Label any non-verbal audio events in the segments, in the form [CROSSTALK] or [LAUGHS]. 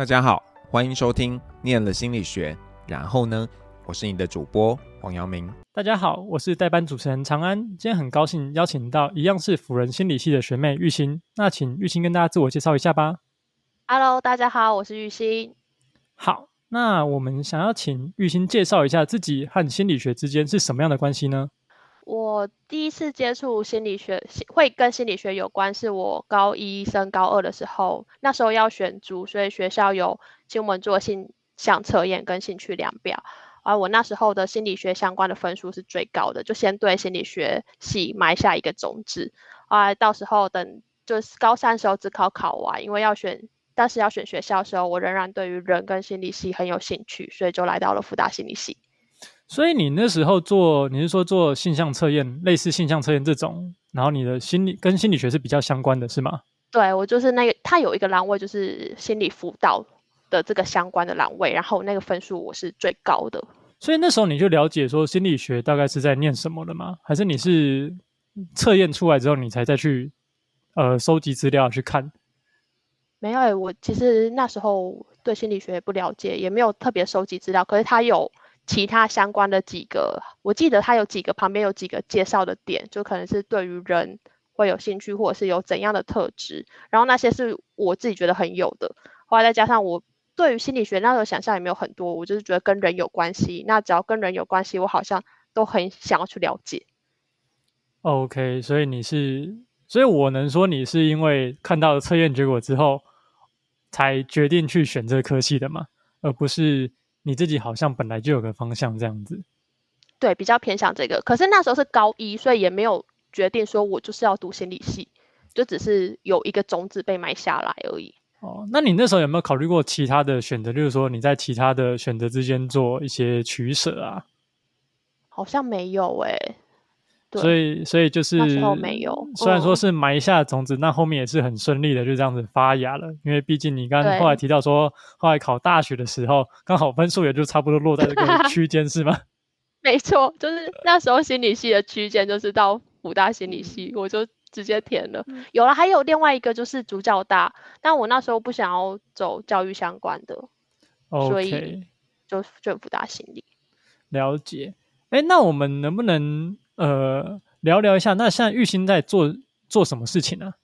大家好，歡迎收聽《念了心理學》，然後呢，我是你的主播黃陽明。大家好，我是代班主持人長安。今天很高興邀請到一樣是輔仁心理系的學妹育俽，那請育俽跟大家自我介紹一下吧。Hello，大家好，我是育俽。好，那我們想要請育俽介紹一下自己和心理學之間是什麼樣的關係呢？我第一次接觸心理學，會跟心理學有關，是我高一升高二的時候。那時候要選組，所以學校有專門做性向測驗跟興趣量表，而、啊、我那時候的心理學相關的分數是最高的，就先對心理學系埋下一個種子。啊，到時候等就是高三時候指考考完，因為要選，但是要選學校的時候，我仍然對於人跟心理系很有興趣，所以就來到了輔大心理系。所以你那時候做，你是說做性向測驗，類似性向測驗這種，然後你的心理跟心理學是比較相關的是嗎？對，我就是那個，他有一個欄位就是心理輔導的這個相關的欄位，然後那個分數我是最高的。所以那時候你就了解說心理學大概是在念什麼了嗎？還是你是測驗出來之後你才再去呃收集資料去看？沒有欸，我其實那時候對心理學不了解，也沒有特別收集資料，可是他有。其他相關的幾個，我記得它有幾個旁邊有幾個介紹的點，就可能是對於人會有興趣，或者是有怎樣的特質。然後那些是我自己覺得很有的，後來再加上我對於心理學那時候想象也沒有很多，我就是覺得跟人有關係。那只要跟人有關係，我好像都很想要去了解。OK，所以你是，所以我能說你是因為看到了測驗結果之後，才決定去選這科系的嗎？而不是？你自己好像本來就有個方向這樣子，對，比較偏向這個。可是那時候是高一，所以也沒有決定說我就是要讀心理系，就只是有一個種子被埋下來而已。哦，那你那時候有沒有考慮過其他的選擇？就是說你在其他的選擇之間做一些取捨啊？好像沒有欸。所以，對所以就是，雖然說是埋下種子，那、嗯、後面也是很順利的，就這樣子發芽了。因為畢竟你剛後來提到說，後來考大學的時候，剛對好分數也就差不多落在這個區間， [LAUGHS] 是嗎？沒錯，就是那時候心理系的區間就是到輔大心理系，我就直接填了。嗯、有了，還有另外一個就是主教大，但我那時候不想要走教育相關的，Okay 所以就就輔大心理。了解。哎、欸，那我們能不能？呃，聊一聊一下，那現在育俽在做做什麼事情呢、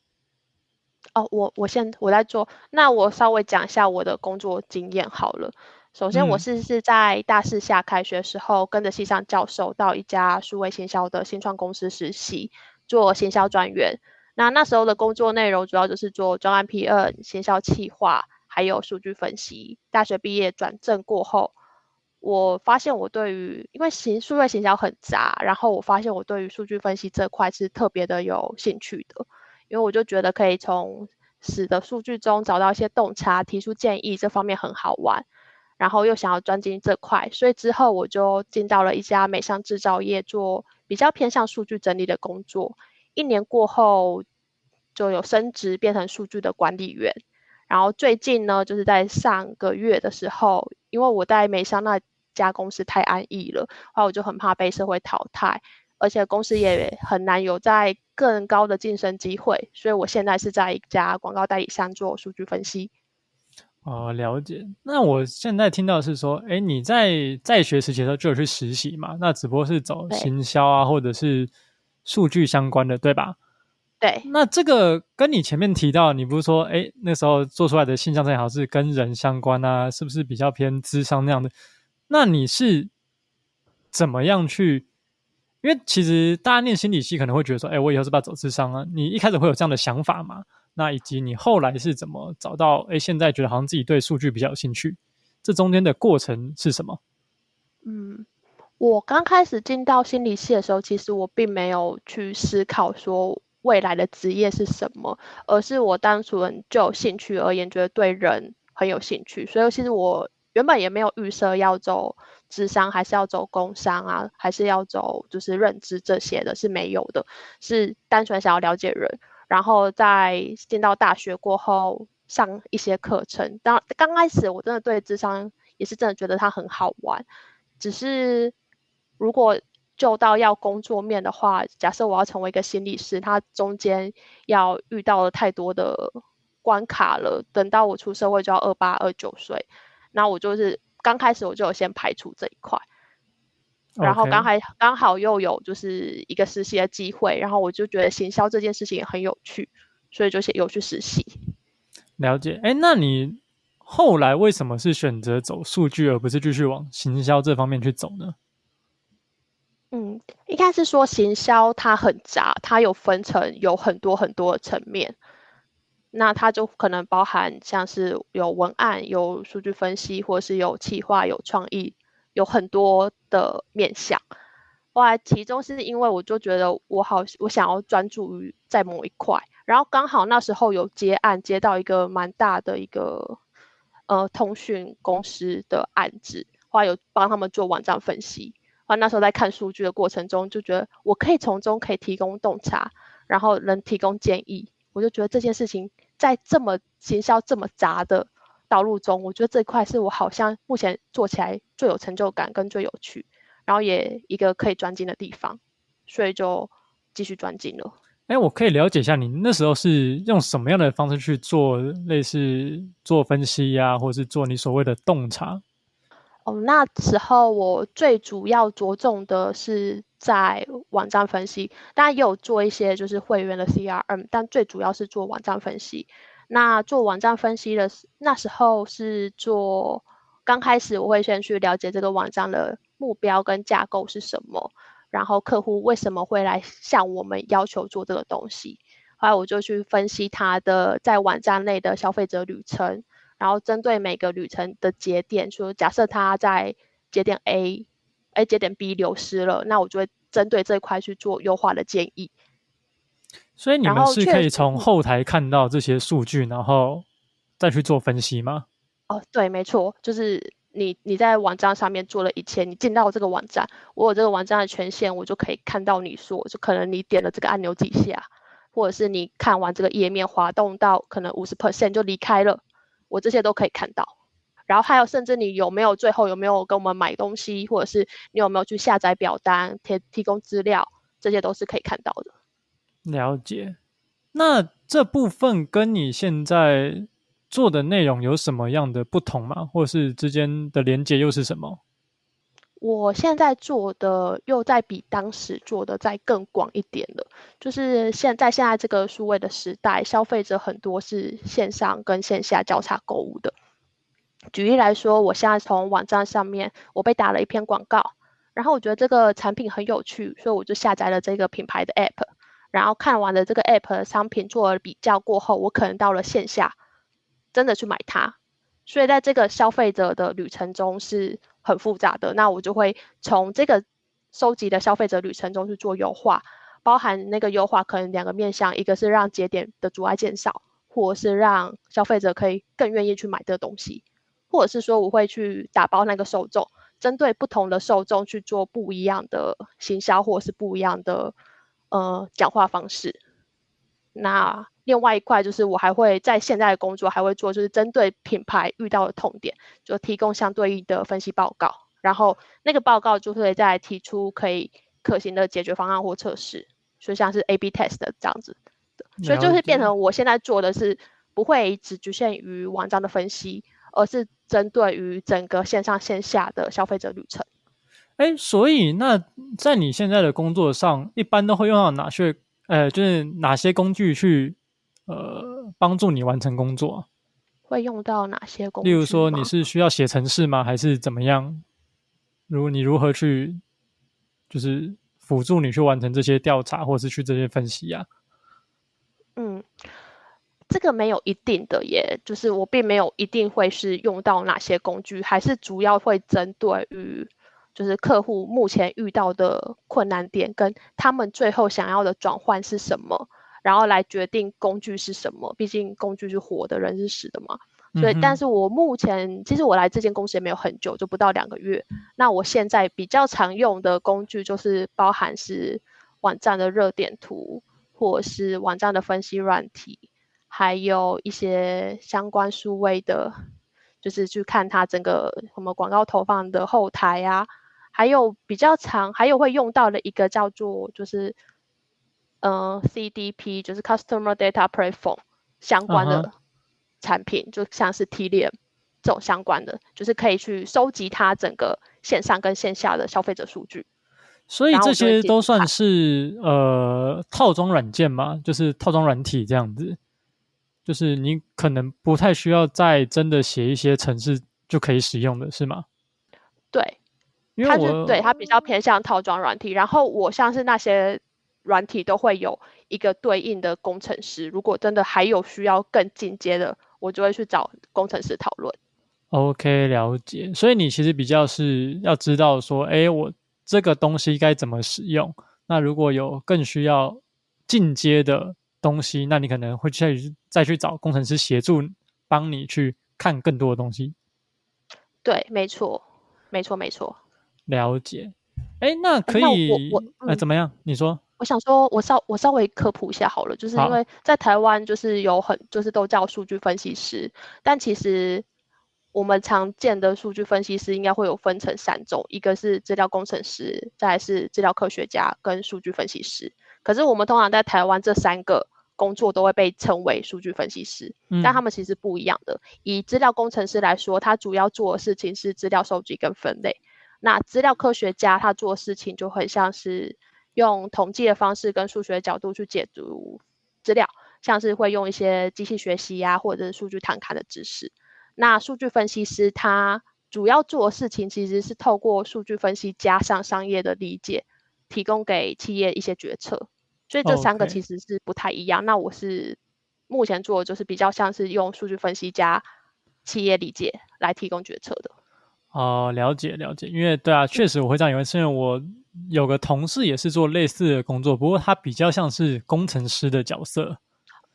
啊？哦，我我先我在做，那我稍微講一下我的工作經驗好了。首先，我是是在大四下開學的時候，嗯、跟着系上教授到一家數位行銷的新創公司實習，做行銷專員。那那時候的工作內容主要就是做專案 PM 行銷企劃，還有數據分析。大學畢業轉正過後。我發現我對於，因為行，數位行銷很雜，然後我發現我對於數據分析這塊是特別的有興趣的，因為我就覺得可以從死的數據中找到一些洞察，提出建議，這方面很好玩，然後又想要鑽進這塊，所以之後我就進到了一家美商製造業做比較偏向數據整理的工作，一年過後就有升職，變成數據的管理員。然後最近呢，就是在上個月的時候，因為我在美商那家公司太安逸了，然後我就很怕被社會淘汰，而且公司也很難有在更高的晉升機會，所以我現在是在一家廣告代理商做數據分析。哦、嗯，了解。那我現在聽到的是說，哎，你在在學時期的時候就有去實習嘛？那只不過是走行銷啊，對或者是數據相關的，對吧？那這個跟你前面提到，你不是說，哎，那時候做出來的性向測驗好像是跟人相關啊，是不是比較偏諮商那樣的？那你是怎麼樣去？因為其實大家念心理系可能會覺得說，哎，我以後是不是要走諮商啊。你一開始會有這樣的想法嘛？那以及你後來是怎麼找到？哎，現在覺得好像自己對數據比較有興趣，這中間的過程是什麼？嗯，我剛開始進到心理系的時候，其實我並沒有去思考說。未來的職業是什麼？而是我單純就興趣而言，覺得對人很有興趣，所以其實我原本也沒有預設要走諮商，還是要走工商啊，還是要走就是認知這些的，是沒有的，是單純想要了解人，然後在進到大學過後上一些課程。但剛開始我真的對諮商也是真的覺得它很好玩，只是如果。就到要工作面的話，假設我要成為一個心理師，他中間要遇到了太多的關卡了。等到我出社會就要二八二九歲，那我就是剛開始我就有先排除這一塊，Okay. 然後剛還剛好又有就是一個實習的機會，然後我就覺得行銷這件事情也很有趣，所以就先有去實習。了解，誒，那你後來為什麼是選擇走數據，而不是繼續往行銷這方面去走呢？嗯，應該是說，行銷它很雜，它有分成有很多很多層面，那它就可能包含像是有文案、有數據分析，或是有企劃、有創意，有很多的面向。後來其中是因為我就覺得我好，我想要專注於在某一塊，然後剛好那時候有接案，接到一個蠻大的一個呃通訊公司的案子，後來有幫他們做網站分析。然後那時候在看數據的過程中，就覺得我可以從中可以提供洞察，然後能提供建議。我就覺得這件事情在這麼行銷這麼雜的道路中，我覺得這塊是我好像目前做起來最有成就感跟最有趣，然後也一個可以專精的地方，所以就繼續專精了。哎、欸，我可以了解一下你那時候是用什麼樣的方式去做類似做分析呀、啊，或者是做你所謂的洞察？哦，oh, 那時候我最主要着重的是在網站分析，當然也有做一些就是會員的 CRM，但最主要是做網站分析。那做網站分析的，那時候是做剛開始，我會先去了解這個網站的目標跟架構是什麼，然後客戶為什麼會來向我們要求做這個東西，後來我就去分析它的在網站內的消費者旅程。然後針對每個旅程的節點，說、就是、假設他在節點 A，哎，節點 B 流失了，那我就會針對這一塊去做優化的建議。所以你們是可以從後台看到這些數據，然後，然後再去做分析嗎？哦，對，沒錯，就是你你在網站上面做了一切，你進到這個網站，我有這個網站的權限，我就可以看到你說，就可能你點了這個按鈕幾下，或者是你看完這個頁面，滑動到可能五十 percent 就離開了。我這些都可以看到，然後還有甚至你有沒有最後有沒有給我們買東西，或者是你有沒有去下載表單，提提供資料，這些都是可以看到的。了解，那這部分跟你現在做的內容有什麼樣的不同嗎？或者是之間的連接又是什麼？我現在做的又再比當時做的再更廣一點了，就是現在現在這個數位的時代，消費者很多是線上跟線下交叉購物的。舉例來說，我現在從網站上面，我被打了一篇廣告，然後我覺得這個產品很有趣，所以我就下載了這個品牌的 App，然後看完了這個 App 的商品做了比較過後，我可能到了線下真的去買它。所以在這個消費者的旅程中是很複雜的，那我就會從這個收集的消費者旅程中去做優化，包含那個優化可能兩個面向，一個是讓節點的阻礙減少，或者是讓消費者可以更願意去買這個東西，或者是說我會去打包那個受眾，針對不同的受眾去做不一樣的行銷，或是不一樣的呃講話方式。那另外一塊就是我還會在現在的工作還會做，就是針對品牌遇到的痛點，就提供相對應的分析報告，然後那個報告就會再提出可以可行的解決方案或測試，所以像是 A/B test 這樣子的，了解。所以就是變成我現在做的是不會只局限於網站的分析，而是針對於整個線上線下的消費者旅程。誒、欸，所以那在你現在的工作上，一般都會用到哪些呃，就是哪些工具去？呃，幫助你完成工作，會用到哪些工具？例如說，你是需要寫程式嗎？還是怎麼樣？如你如何去，就是輔助你去完成這些調查，或是去這些分析呀、啊？嗯，這個沒有一定的耶，也就是我並沒有一定會是用到哪些工具，還是主要會針對於，就是客戶目前遇到的困難點跟他們最後想要的轉換是什麼。然後來決定工具是什麼，畢竟工具是活的，人是死的嘛。嗯、哼所以，但是我目前其實我來這間公司也沒有很久，就不到兩個月。那我現在比較常用的工具就是包含是網站的熱點圖，或者是網站的分析軟體，還有一些相關數位的，就是去看它整個什麼廣告投放的後台啊，還有比較常，還有會用到的一個叫做就是。嗯，CDP 就是 Customer Data Platform 相關的產品，uh huh. 就像是 Tealium 這種相關的，就是可以去收集它整個線上跟線下的消費者數據。所以這些都算是呃套裝軟件嗎？就是套裝軟體這樣子，就是你可能不太需要再真的寫一些程式就可以使用的是嗎？對，它就因為我對它比較偏向套裝軟體，然後我像是那些。軟體都會有一個對應的工程師。如果真的還有需要更進階的，我就會去找工程師討論。OK，了解。所以你其實比較是要知道說，哎、欸，我這個東西該怎麼使用。那如果有更需要進階的東西，那你可能會去再去找工程師協助，幫你去看更多的東西。對，沒錯，沒錯，沒錯。了解。哎、欸，那可以，嗯、那我我哎、嗯欸、怎麼樣？你說。我想說，我稍我稍微科普一下好了，就是因為在台灣，就是有很就是都叫數據分析師，但其實我們常見的數據分析師應該會有分成三種，一個是資料工程師，再是資料科學家跟數據分析師。可是我們通常在台灣，這三個工作都會被稱為數據分析師，嗯、但他們其實不一樣的。以資料工程師來說，他主要做的事情是資料收集跟分類。那資料科學家他做的事情就很像是。用統計的方式跟數學角度去解讀資料，像是會用一些機器學習啊，或者是數據探勘的知識。那數據分析師他主要做的事情其實是透過數據分析加上商業的理解，提供給企業一些決策。所以這三個其實是不太一樣。Okay. 那我是目前做的，就是比較像是用數據分析加企業理解來提供決策的。哦、呃，了解了解，因為對啊，確實我會這樣以為，是因為我有個同事也是做類似的工作，不過他比較像是工程師的角色。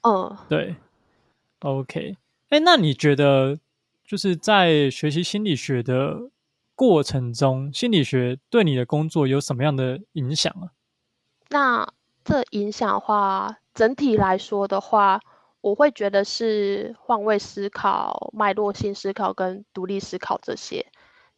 嗯，對，OK，哎、欸，那你覺得就是在學習心理學的過程中，心理學對你的工作有什麼樣的影響啊？那這影響的話，整體來說的話，我會覺得是換位思考、脈絡性思考跟獨立思考這些。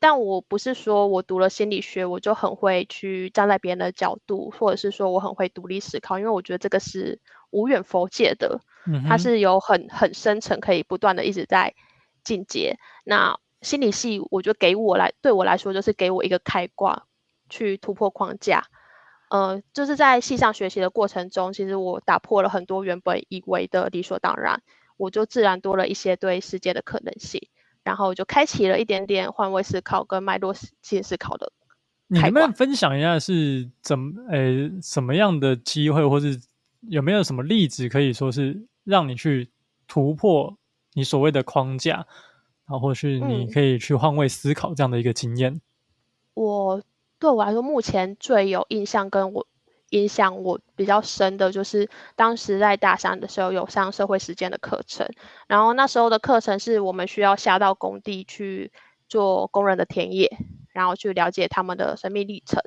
但我不是說我讀了心理學，我就很會去站在別人的角度，或者是說我很會獨立思考，因為我覺得這個是無遠弗屆的，它是有很很深層，可以不斷的一直在進階。那心理系我就給我來對我來說就是給我一個開掛，去突破框架。嗯、呃，就是在系上學習的過程中，其實我打破了很多原本以為的理所當然，我就自然多了一些對世界的可能性。然後就開啟了一點點換位思考跟脈絡思考的。你能不能分享一下是怎麼誒什麼樣的機會，或是有沒有什麼例子，可以說是讓你去突破你所謂的框架，然後或是你可以去換位思考這樣的一個經驗？嗯、我對我來說，目前最有印象跟我。印象我比較深的就是，當時在大三的時候有上社會實踐的課程，然後那時候的課程是我們需要下到工地去做工人的田野，然後去了解他們的生命歷程。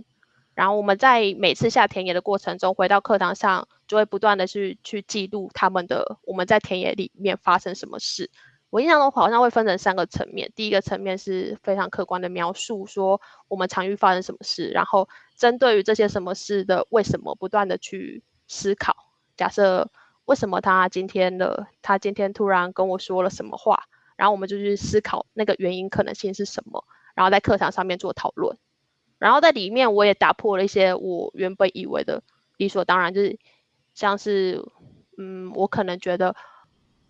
然後我們在每次下田野的過程中，回到課堂上就會不斷的去去記錄他們的，我們在田野裡面發生什麼事。我印象中好像會分成三個層面，第一個層面是非常客觀的描述，說我們常遇發生什麼事，然後針對於這些什麼事的為什麼不斷地去思考。假設為什麼他今天的他今天突然跟我說了什麼話，然後我們就去思考那個原因可能性是什麼，然後在課堂上面做討論。然後在裡面我也打破了一些我原本以為的理所當然，就是像是嗯，我可能覺得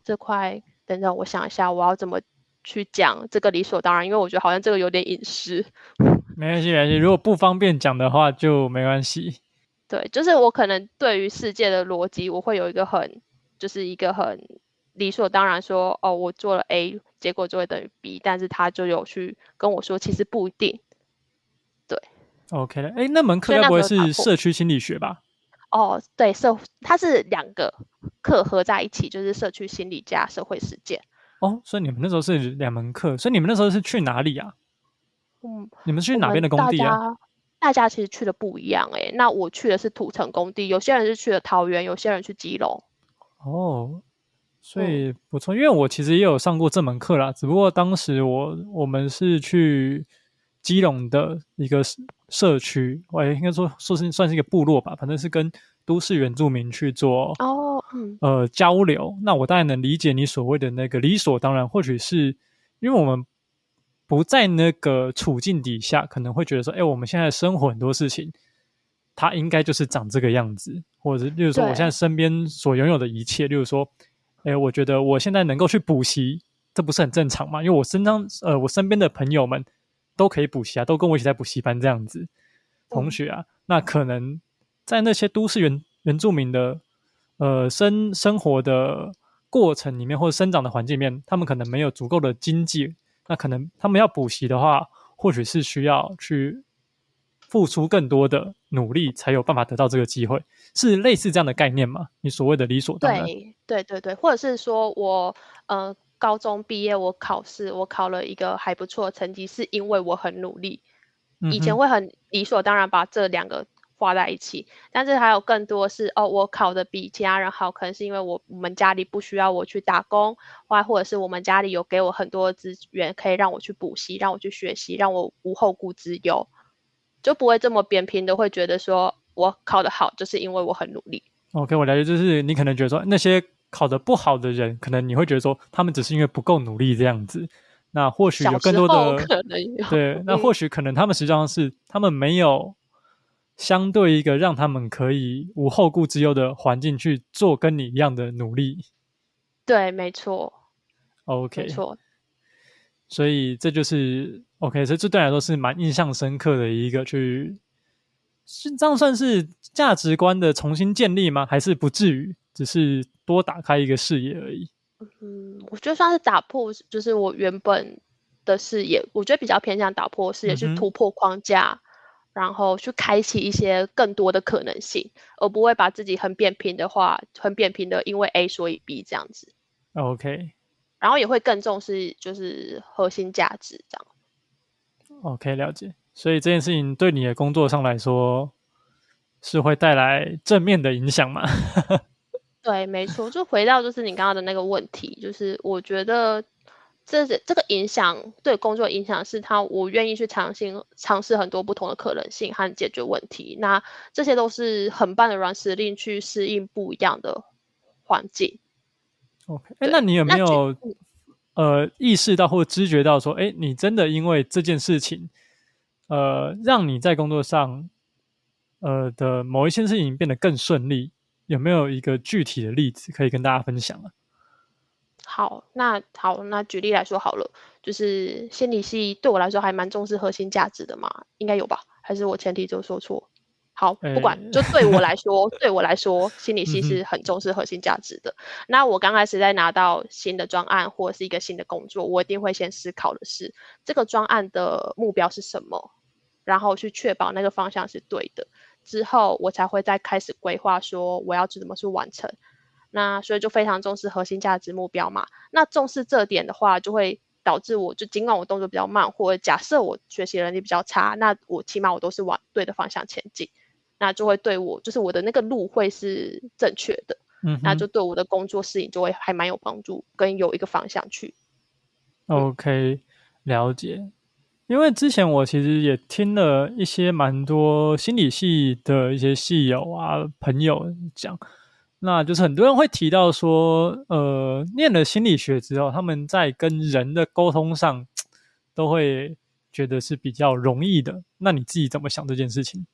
這塊。等等，我想一下，我要怎麼去講這個理所當然？因為我覺得好像這個有點隱私。沒關係，沒關係，如果不方便講的話，就沒關係。對，就是我可能對於世界的邏輯，我會有一個很，就是一個很理所當然說，哦，我做了 A，結果就會等於 B。但是他就有去跟我說，其實不一定。對，OK 了。哎，那門課該不會是社區心理學吧？哦，oh, 對，社，它是兩個課合在一起，就是社區心理加社會實踐。哦，所以你們那時候是兩門課，所以你們那時候是去哪裡啊？嗯，你們去哪邊的工地啊？大，大家其實去的不一樣哎、欸，那我去的是土城工地，有些人是去了桃園，有些人去基隆。哦，oh, 所以不錯，嗯、因為我其實也有上過這門課啦，只不過當時我我們是去基隆的一個。社區，我也應該說說是算是一個部落吧，反正是跟都市原住民去做哦，嗯、oh, um. 呃，呃交流。那我當然能理解你所謂的那個理所當然或，或許是因為我們不在那個處境底下，可能會覺得說，哎、欸，我們現在生活很多事情，它應該就是長這個樣子，或者就是例如說我現在身邊所擁有的一切，就是對說，哎、欸，我覺得我現在能夠去補習，這不是很正常嗎？因為我身上，呃，我身邊的朋友們。都可以補習啊，都跟我一起在補習班這樣子。同學啊，那可能在那些都市原原住民的，呃生生活的過程裡面，或者生長的環境裡面，他們可能沒有足夠的經濟，那可能他們要補習的話，或許是需要去付出更多的努力，才有辦法得到這個機會，是類似這樣的概念嘛？你所謂的理所當然，對對對對，或者是說我呃。高中畢業，我考試，我考了一個還不錯的成績，是因為我很努力。以前會很理所當然把這兩個畫在一起，但是還有更多是哦，我考的比其他人好，可能是因為我我們家裡不需要我去打工，或或者是我們家裡有給我很多資源，可以讓我去補習，讓我去學習，讓我無後顧之憂，就不會這麼扁平的會覺得說我考得好，就是因為我很努力。OK，我了解，就是你可能覺得說那些。考得不好的人，可能你會覺得說他們只是因為不夠努力這樣子。那或許有更多的可能有，對，嗯、那或許可能他們實際上是他們沒有相對一個讓他們可以無後顧之憂的環境去做跟你一樣的努力。對，沒錯。OK，沒錯。所以這就是 OK，所以這對你來說是蠻印象深刻的一個去是這樣算是價值觀的重新建立嗎？還是不至於，只是。多打開一個視野而已。嗯，我就算是打破，就是我原本的視野，我覺得比較偏向打破視野，去突破框架，嗯、哼然後去開啟一些更多的可能性，而不會把自己很扁平的話，很扁平的，因為 A 所以 B 這樣子。OK。然後也會更重視，就是核心價值這樣。OK，了解。所以這件事情對你的工作上來說，是會帶來正面的影響嗎？ [LAUGHS] 對，沒錯，就回到就是你剛剛的那個問題，就是我覺得這這個影響對工作影響是他，我願意去嘗新、嘗試很多不同的可能性和解決問題，那這些都是很棒的軟實力，去適應不一樣的環境。OK，哎對，那你有沒有就呃意識到或知覺到說，哎，你真的因為這件事情，呃，讓你在工作上呃的某一些事情變得更順利？有沒有一個具體的例子可以跟大家分享啊？好，那好，那舉例來說好了，就是心理系對我來說還蠻重視核心價值的嘛，應該有吧？還是我前提就說錯？好，不管，欸、就對我來說， [LAUGHS] 對我來說，心理系是很重視核心價值的。嗯、哼那我剛開始在拿到新的專案或者是一個新的工作，我一定會先思考的是這個專案的目標是什麼，然後去確保那個方向是對的。之後我才會再開始規劃，說我要去怎麼去完成。那所以就非常重視核心價值目標嘛。那重視這點的話，就會導致我就儘管我動作比較慢，或者假設我學習能力比較差，那我起碼我都是往對的方向前進。那就會對我就是我的那個路會是正確的，嗯哼。那就對我的工作適應就會還蠻有幫助，跟有一個方向去。嗯。OK，了解。因為之前我其實也聽了一些蠻多心理系的一些系友啊朋友講，那就是很多人會提到說，呃，念了心理學之後，他們在跟人的溝通上都會覺得是比較容易的。那你自己怎麼想這件事情？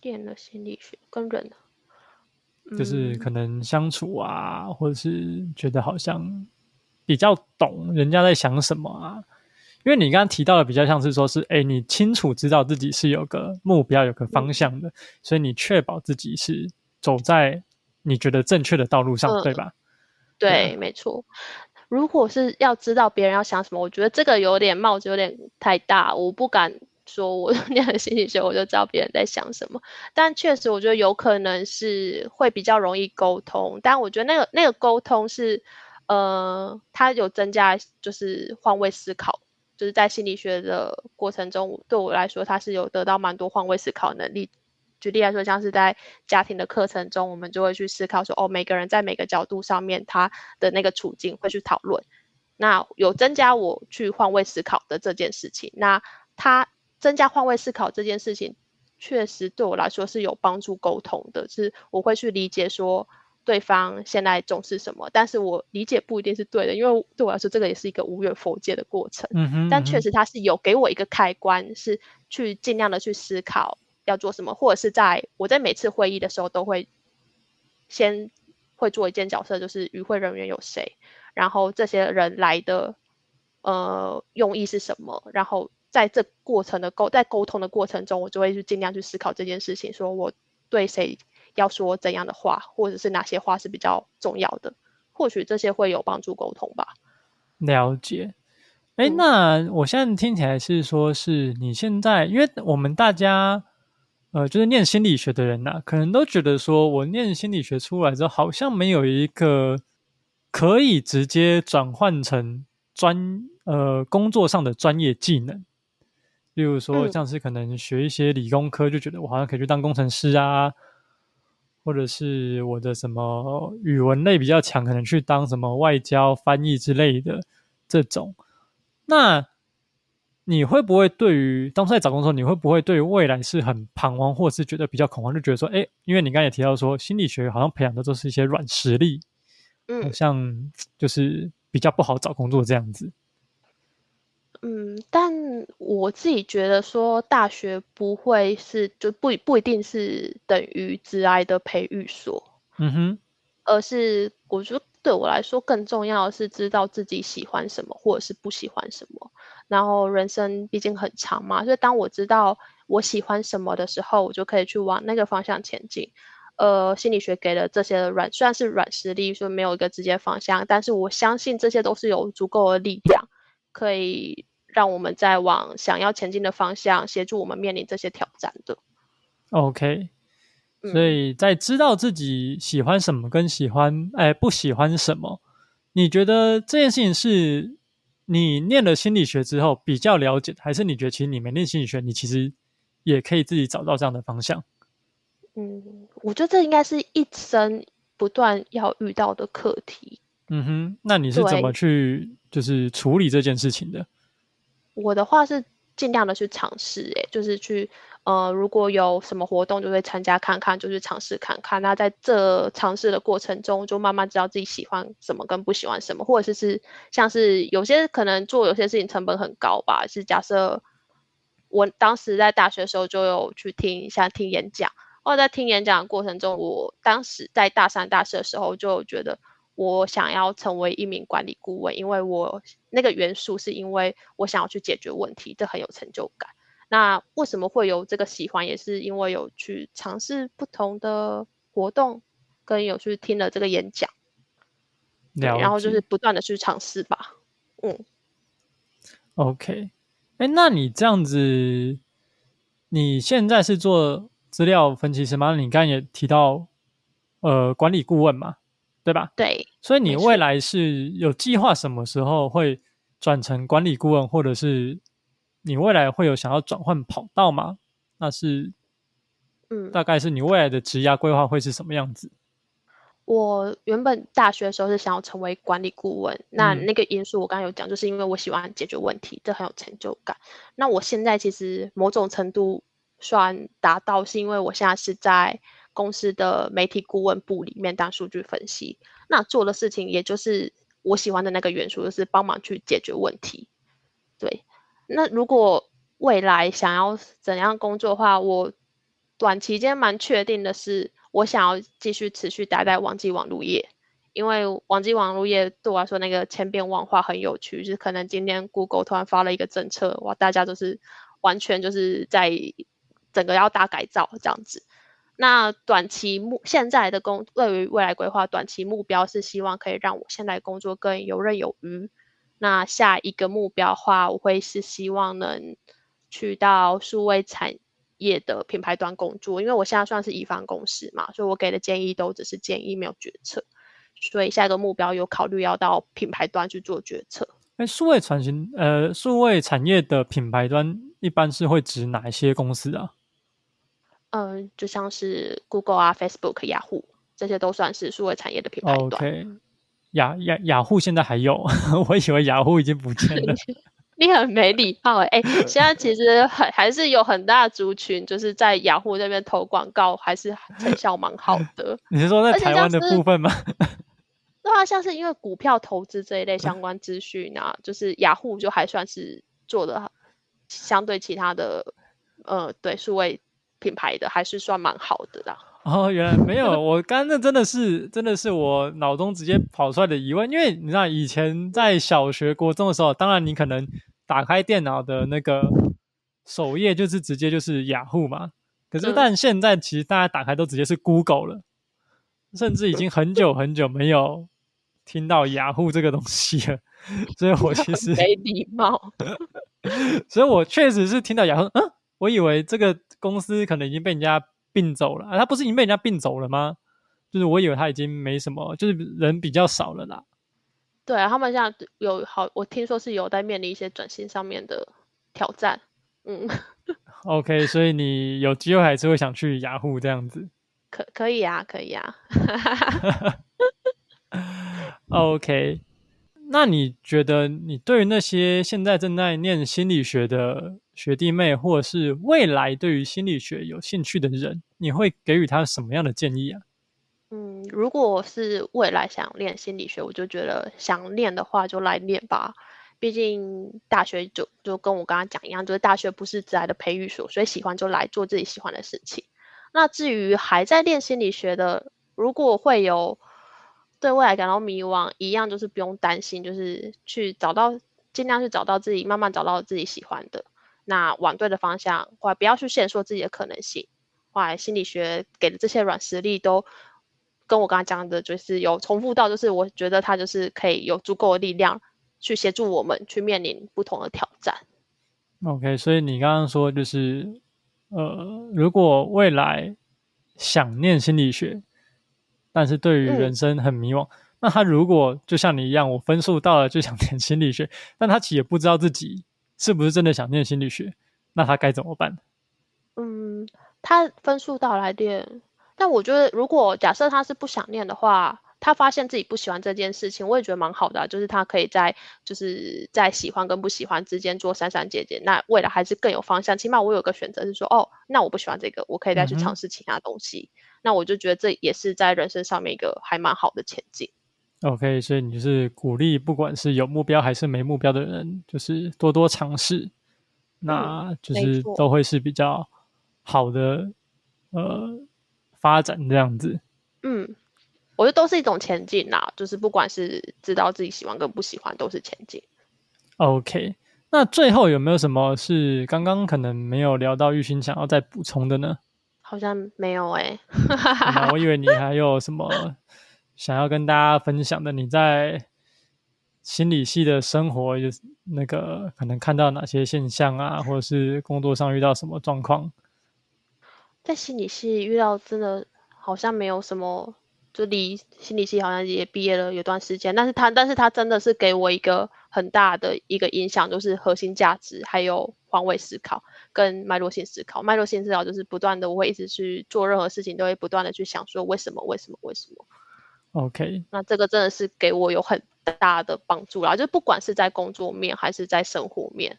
念了心理學跟人，嗯、就是可能相處啊，或者是覺得好像比較懂人家在想什麼啊。因為你剛剛提到的比較像是說是，哎，你清楚知道自己是有個目標，有個方向的，嗯、所以你確保自己是走在你覺得正確的道路上，嗯、對吧？對，沒錯。如果是要知道別人要想什麼，我覺得這個有點帽子有點太大，我不敢說我念了心理學我就知道別人在想什麼。但確實，我覺得有可能是會比較容易溝通，但我覺得那個那個溝通是，呃，它有增加就是換位思考。就是在心理學的過程中，對我來說，他是有得到蠻多換位思考能力。舉例來說，像是在家庭的課程中，我們就會去思考說，哦，每個人在每個角度上面他的那個處境，會去討論。那有增加我去換位思考的這件事情，那他增加換位思考這件事情，確實對我來說是有幫助溝通的，是我會去理解說。對方現在重視什麼？但是我理解不一定是對的，因為對我來說，這個也是一個無遠弗屆的過程。嗯哼，嗯哼。但確實他是有給我一個開關，是去盡量的去思考要做什麼，或者是在我在每次會議的時候都會先會做一件角色，就是與會人員有誰，然後這些人來的呃用意是什麼，然後在這過程的溝在溝通的過程中，我就會去盡量去思考這件事情，說我對誰。要說怎樣的話，或者是哪些話是比較重要的？或許這些會有幫助溝通吧。了解。哎、欸，嗯、那我現在聽起來是說，是你現在，因為我們大家，呃，就是念心理學的人呢、啊，可能都覺得說，我念心理學出來之後，好像沒有一個可以直接轉換成專呃工作上的專業技能。例如說，像是可能學一些理工科，嗯、就覺得我好像可以去當工程師啊。或者是我的什麼語文類比較強，可能去當什麼外交翻譯之類的這種。那你會不會對於當初在找工作，你會不會對於未來是很彷徨，或者是覺得比較恐慌？就覺得說，哎，因為你剛才也提到說，心理學好像培養的都是一些軟實力，嗯，好像就是比較不好找工作這樣子。嗯，但我自己覺得說大學不會是就不，不一定是等於職涯的培育所，嗯哼，而是我覺得對我來說更重要的是知道自己喜歡什麼或者是不喜歡什麼，然後人生畢竟很長嘛，所以當我知道我喜歡什麼的時候，我就可以去往那個方向前進。呃，心理學給了這些軟，雖然是軟實力，所以沒有一個直接方向，但是我相信這些都是有足夠的力量可以讓我們再往想要前進的方向，協助我們面臨這些挑戰的。OK，所以在知道自己喜歡什麼跟喜歡，哎，不喜歡什麼，你覺得這件事情是你念了心理學之後比較了解的，還是你覺得其實你沒念心理學，你其實也可以自己找到這樣的方向？嗯，我覺得這應該是一生不斷要遇到的課題。嗯哼，那你是怎麼去就是處理這件事情的？我的話是盡量的去嘗試，哎，就是去，呃，如果有什麼活動就會參加看看，就去嘗試看看。那在這嘗試的過程中，就慢慢知道自己喜歡什麼跟不喜歡什麼，或者是是像是有些可能做有些事情成本很高吧。是假設我當時在大學的時候就有去聽，一下聽演講。我在聽演講的過程中，我當時在大三、大四的時候就覺得。我想要成為一名管理顧問，因為我那個元素是因為我想要去解決問題，這很有成就感。那為什麼會有這個喜歡，也是因為有去嘗試不同的活動，跟有去聽了這個演講。了解。對，然後就是不斷的去嘗試吧。嗯，OK，哎、欸，那你這樣子，你現在是做資料分析師嗎？你剛剛也提到，呃，管理顧問嘛。對吧？對，所以你未來是有計劃什麼時候會轉成管理顧問，或者是你未來會有想要轉換跑道嗎？那是，嗯，大概是你未來的職業規劃會是什麼樣子？我原本大學的時候是想要成為管理顧問，那那個因素我剛剛有講，就是因為我喜歡解決問題，這很有成就感。那我現在其實某種程度算達到，是因為我現在是在。公司的媒體顧問部裡面當數據分析，那做的事情也就是我喜歡的那個元素，就是幫忙去解決問題。對，那如果未來想要怎樣工作的話，我短期間蠻確定的是，我想要繼續持續待在網際網絡業，因為網際網絡業對我來說那個千變萬化很有趣，就是可能今天 Google 突然發了一個政策，哇，大家就是完全就是在整個要大改造這樣子。那短期目現在的工，對於未來規劃，短期目標是希望可以讓我現在工作更游刃有餘。那下一個目標的話，我會是希望能去到數位產業的品牌端工作，因為我現在算是乙方公司嘛，所以我給的建議都只是建議，沒有決策。所以下一個目標有考慮要到品牌端去做決策。誒，數位轉型，呃，數位產業的品牌端一般是會指哪一些公司啊？嗯，就像是 Google 啊、Facebook、雅虎這些都算是數位產業的品牌端。O.K. 雅雅雅虎現在還有， [LAUGHS] 我以為雅虎已經不見了。 [LAUGHS] 你很沒禮貌哎！現在其實很還是有很大族群，就是在雅虎、ah、那邊投廣告，還是成效蠻好的。你是說在台灣的部分嗎？對啊，像是因為股票投資這一類相關資訊啊，嗯、就是雅虎、ah、就還算是做的相對其他的，呃，對數位。品牌的還是算蠻好的啦。哦，原來沒有， [LAUGHS] 我剛剛那真的是真的是我腦中直接跑出來的疑問，因為你知道以前在小學、國中的時候，當然你可能打開電腦的那個首頁就是直接就是雅虎嘛。可是但現在其實大家打開都直接是 Google 了，嗯、甚至已經很久很久沒有聽到雅虎這個東西了。 [LAUGHS] 所以，我其實沒禮貌， [LAUGHS] 所以我確實是聽到雅虎，嗯。我以為這個公司可能已經被人家併走了啊，他不是已經被人家併走了嗎？就是我以為他已經沒什麼，就是人比較少了啦。對啊，他們現在有好，我聽說是有在面臨一些轉型上面的挑戰。嗯 [LAUGHS] ，OK，所以你有機會還是會想去雅虎這樣子？可可以啊，可以啊。 [LAUGHS] [LAUGHS] OK。那你覺得，你對於那些現在正在念心理學的學弟妹，或者是未來對於心理學有興趣的人，你會給予他什麼樣的建議啊？嗯，如果我是未來想念心理學，我就覺得想念的話就來念吧。畢竟大學就就跟我剛剛講一樣，就是大學不是只來的培育所，所以喜歡就來做自己喜歡的事情。那至於還在念心理學的，如果我會有。對未來感到迷惘，一樣就是不用擔心，就是去找到，盡量去找到自己，慢慢找到自己喜歡的。那往對的方向。後來不要去限縮自己的可能性。後來心理學給的這些軟實力都跟我剛剛講的，就是有重複到，就是我覺得它就是可以有足夠的力量去協助我們去面臨不同的挑戰。OK，所以你剛剛說就是，呃，如果未來想念心理學。但是對於人生很迷惘。嗯、那他如果就像你一樣，我分數到了就想填心理學，但他其實也不知道自己是不是真的想念心理學，那他該怎麼辦？嗯，他分數到來點。但我覺得如果假設他是不想念的話，他發現自己不喜歡這件事情，我也覺得蠻好的、啊，就是他可以在就是在喜歡跟不喜歡之間做三三折折，那未來還是更有方向。起碼我有個選擇是說，哦，那我不喜歡這個，我可以再去嘗試其他東西。嗯那我就覺得這也是在人生上面一個還蠻好的前進。OK，所以你就是鼓勵不管是有目標還是沒目標的人，就是多多嘗試，那就是都會是比較好的、嗯、呃發展這樣子。嗯，我覺得都是一種前進啦，就是不管是知道自己喜歡跟不喜歡，都是前進。OK，那最後有沒有什麼是剛剛可能沒有聊到育俽想要再補充的呢？好像沒有哎、欸 [LAUGHS] 嗯，我以為你還有什麼想要跟大家分享的。你在心理系的生活，就是那個可能看到哪些現象啊，或者是工作上遇到什麼狀況？在心理系遇到真的好像沒有什麼。就離心理系好像也畢業了有段時間，但是他但是他真的是給我一個很大的一個影響，就是核心價值，還有換位思考跟脈絡性思考。脈絡性思考就是不斷的，我會一直去做任何事情，都會不斷的去想說為什麼，為什麼，為什麼。OK，那這個真的是給我有很大的幫助啦，就是不管是在工作面還是在生活面。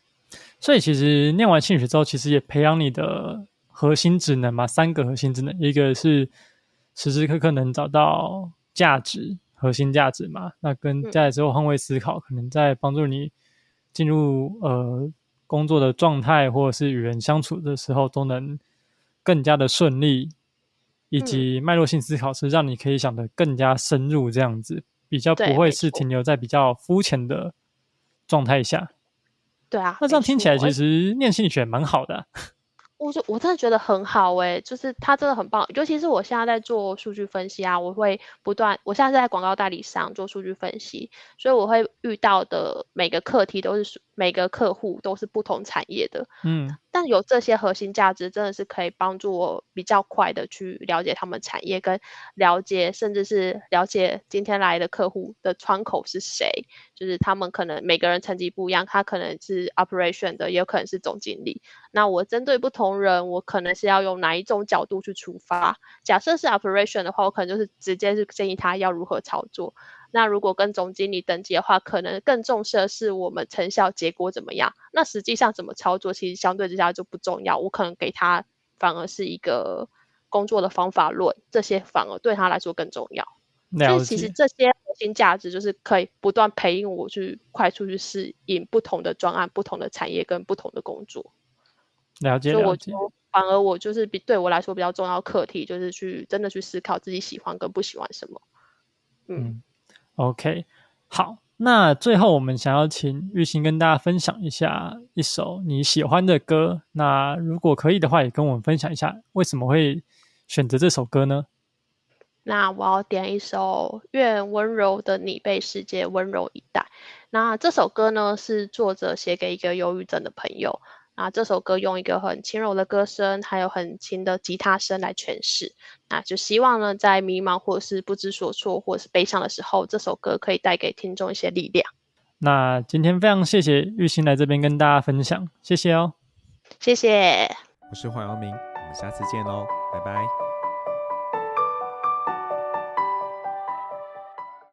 所以其實念完心理學之後，其實也培養你的核心職能嘛，三個核心職能，一個是。時時刻刻能找到價值、核心價值嘛？那跟在之後換位思考，嗯、可能在幫助你進入呃工作的狀態，或者是與人相處的時候，都能更加的順利。以及脈絡性思考是讓你可以想得更加深入，這樣子比較不會是停留在比較膚淺的狀態下。對啊，那這樣聽起來其實念心理學蠻好的、啊。我我真的覺得很好哎、欸，就是它真的很棒，尤其是我現在在做數據分析啊，我會不斷，我現在是在廣告代理商做數據分析，所以我會遇到的每個課題都是數。每個客戶都是不同產業的，嗯，但有這些核心價值，真的是可以幫助我比較快的去了解他們產業，跟了解甚至是了解今天來的客戶的窗口是誰，就是他們可能每個人層級不一樣，他可能是 operation 的，也有可能是總經理。那我針對不同人，我可能是要用哪一種角度去出發？假設是 operation 的話，我可能就是直接是建議他要如何操作。那如果跟總經理等級的話，可能更重視的是我們成效結果怎麼樣。那實際上怎麼操作，其實相對之下就不重要。我可能給他反而是一個工作的方法論，這些反而對他來說更重要。那了解。其實這些核心價值就是可以不斷培養我去快速去適應不同的專案、不同的產業跟不同的工作。了解。了解。所以我就反而我就是比對我來說比較重要課題，就是去真的去思考自己喜歡跟不喜歡什麼。嗯。嗯 OK，好，那最後我們想要請育俽跟大家分享一下一首你喜歡的歌。那如果可以的話，也跟我們分享一下為什麼會選擇這首歌呢？那我要點一首《願溫柔的你被世界溫柔以待》。那這首歌呢，是作者寫給一個憂鬱症的朋友。啊，這首歌用一個很輕柔的歌聲，還有很輕的吉他聲來詮釋。那就希望呢，在迷茫或者是不知所措或者是悲傷的時候，這首歌可以帶給聽眾一些力量。那今天非常謝謝育俽來這邊跟大家分享，謝謝哦。謝謝。我是黃陽明，我們下次見嘍，拜拜。